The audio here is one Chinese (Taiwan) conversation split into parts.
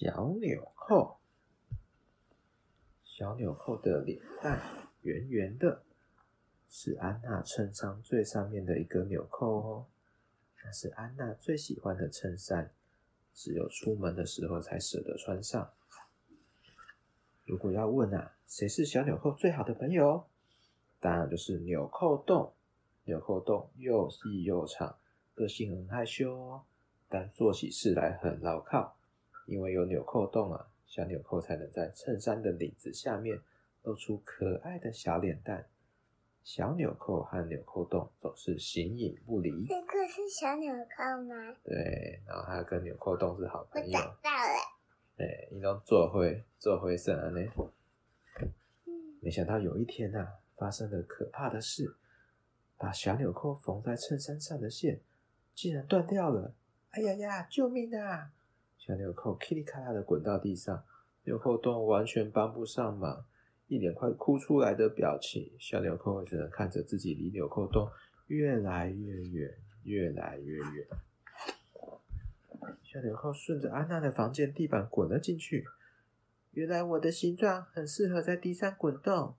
小紐扣，小紐扣的臉蛋圓圓的，是安娜襯衫最上面的一個紐扣哦。那是安娜最喜歡的襯衫，只有出門的時候才捨得穿上。如果要問啊，誰是小紐扣最好的朋友？當然就是紐扣洞。紐扣洞又細又長，個性很害羞哦，但做起事來很牢靠。因為有紐扣洞啊，小紐扣才能在襯衫的領子下面露出可愛的小臉蛋。小紐扣和紐扣洞總是形影不離。這個是小紐扣嗎？對，然後它跟紐扣洞是好朋友。我找到了。對，應該做會做會神啊、嗯、沒想到有一天啊，發生了可怕的事，把小紐扣縫在襯衫上的線竟然斷掉了。哎呀呀，救命啊！小紐扣噼裡啪啦的滾到地上，紐扣洞完全幫不上忙，一臉快哭出來的表情。小紐扣只能看着自己離紐扣洞越來越遠，越來越遠。小紐扣順着安娜的房間地板滾了進去。原來我的形狀很適合在地上滾動。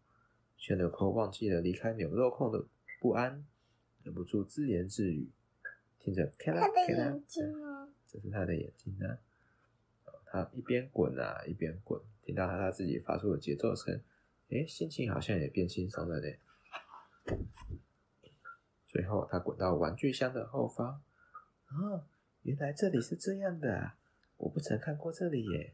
小紐扣忘記了離開紐扣洞的不安，忍不住自言自語：“聽着，咔啦咔啦，這是他的眼睛啊！”他一邊滾啊一邊滾，聽到他他自己發出的節奏聲，哎，心情好像也變輕鬆了點。最後，他滾到玩具箱的後方，啊、哦，原來這裡是這樣的、啊，我不曾看過這裡耶。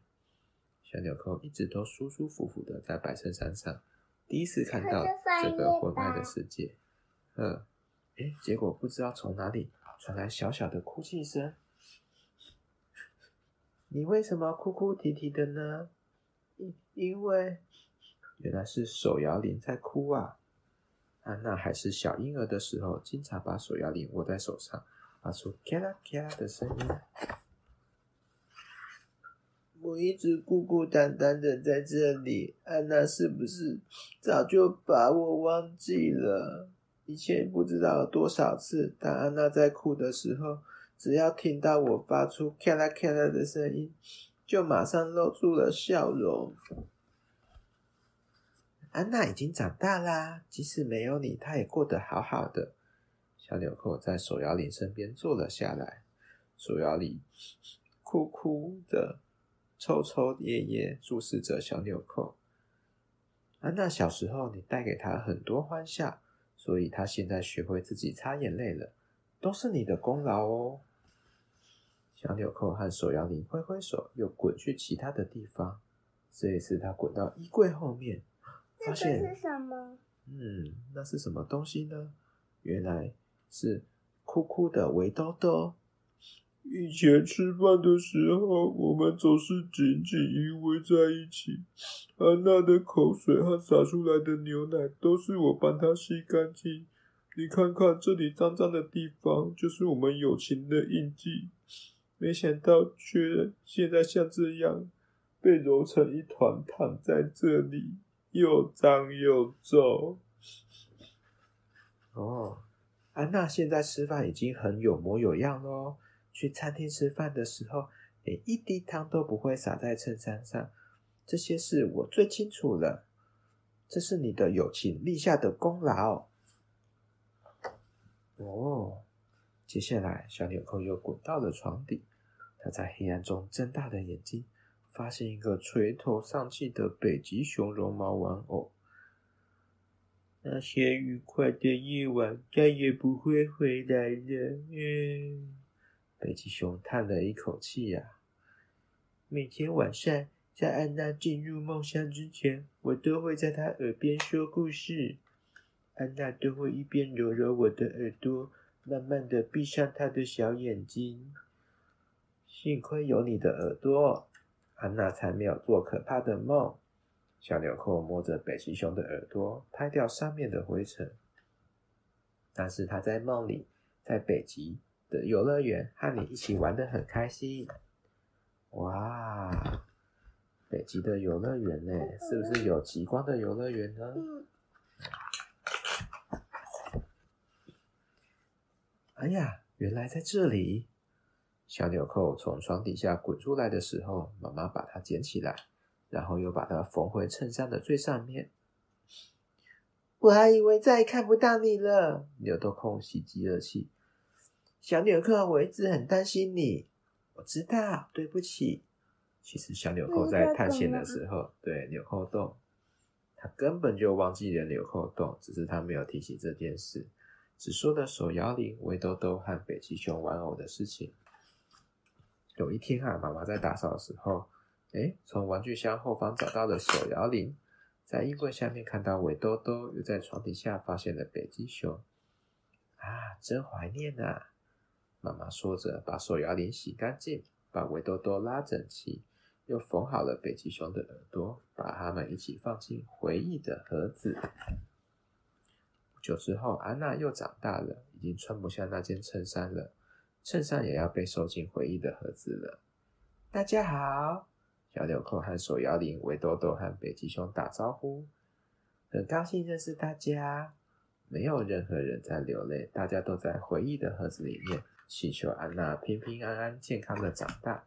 小紐扣一直都舒舒服服的在白襯衫上，第一次看到這個活派的世界。嗯，誒，結果不知道從哪裡傳來小小的哭泣聲。你為什麼哭哭啼啼的呢？因因為原來是手搖鈴在哭啊！安娜還是小嬰兒的時候，經常把手搖鈴握在手上，發出咔啦咔啦的聲音。我一直孤孤單單的在這裡，安娜是不是早就把我忘記了？以前不知道多少次，當安娜在哭的時候，只要聽到我發出咔啦咔啦的聲音，就馬上露出了笑容。安娜已經長大啦，即使沒有你，她也過得好好的。小紐扣在手搖鈴身邊坐了下來，手搖鈴哭哭的、抽抽噎噎，注視着小紐扣。安娜小時候，你帶給她很多歡笑，所以她現在學會自己擦眼淚了。都是你的功勞哦！小紐扣和手搖鈴揮揮手，又滾去其他的地方。這一次，他滾到衣櫃後面，發現、這個、是什麼？嗯，那是什麼東西呢？原來是酷酷的圍兜兜。以前吃飯的時候，我們總是緊緊依偎在一起。安娜的口水和灑出來的牛奶，都是我幫她吸乾淨。你看看這裡髒髒的地方，就是我們友情的印記。沒想到卻現在像這樣，被揉成一團，躺在這裡又髒又皺。哦，安娜現在吃飯已經很有模有樣嘍。去餐廳吃飯的時候，連一滴湯都不會灑在襯衫上。這些事我最清楚了。這是你的友情立下的功勞。哦，接下來小紐扣又滾到了床底。它在黑暗中睜大了眼睛，發現一個垂頭喪氣的北極熊絨毛玩偶。那些愉快的夜晚再也不會回來了。嗯，北極熊嘆了一口氣呀、啊。每天晚上，在安娜進入夢鄉之前，我都會在她耳邊說故事。安娜都會一邊揉揉我的耳朵，慢慢的閉上她的小眼睛。幸虧有你的耳朵，安娜才沒有做可怕的夢。小紐扣摸着北極熊的耳朵，拍掉上面的灰塵。但是他在夢裡，在北極的遊樂園和你一起玩得很開心。哇，北極的遊樂園呢？是不是有極光的遊樂園呢？哎呀，原來在這裡！小紐扣從床底下滾出來的時候，媽媽把它撿起來，然後又把它縫回襯衫的最上面。我還以為再也看不到你了。紐扣洞喜極而泣。小紐扣，我一直很擔心你。我知道，對不起。其實，小紐扣在探險的時候，對紐扣洞，他根本就忘記了紐扣洞，只是他沒有提起這件事。只說了手搖鈴、韋兜兜和北極熊玩偶的事情。有一天啊，媽媽在打掃的時候，誒，從玩具箱後方找到了手搖鈴，在衣櫃下面看到韋兜兜，又在床底下發現了北極熊。啊，真懷念啊！媽媽說着，把手搖鈴洗乾淨，把韋兜兜拉整齊，又縫好了北極熊的耳朵，把它們一起放進回憶的盒子。久之後，安娜又長大了，已經穿不下那件襯衫了，襯衫也要被收進回憶的盒子了。大家好，小紐扣和手搖鈴、維多多和北極熊打招呼，很高興認識大家。沒有任何人在流淚，大家都在回憶的盒子裡面，祈求安娜平平安安、健康的長大。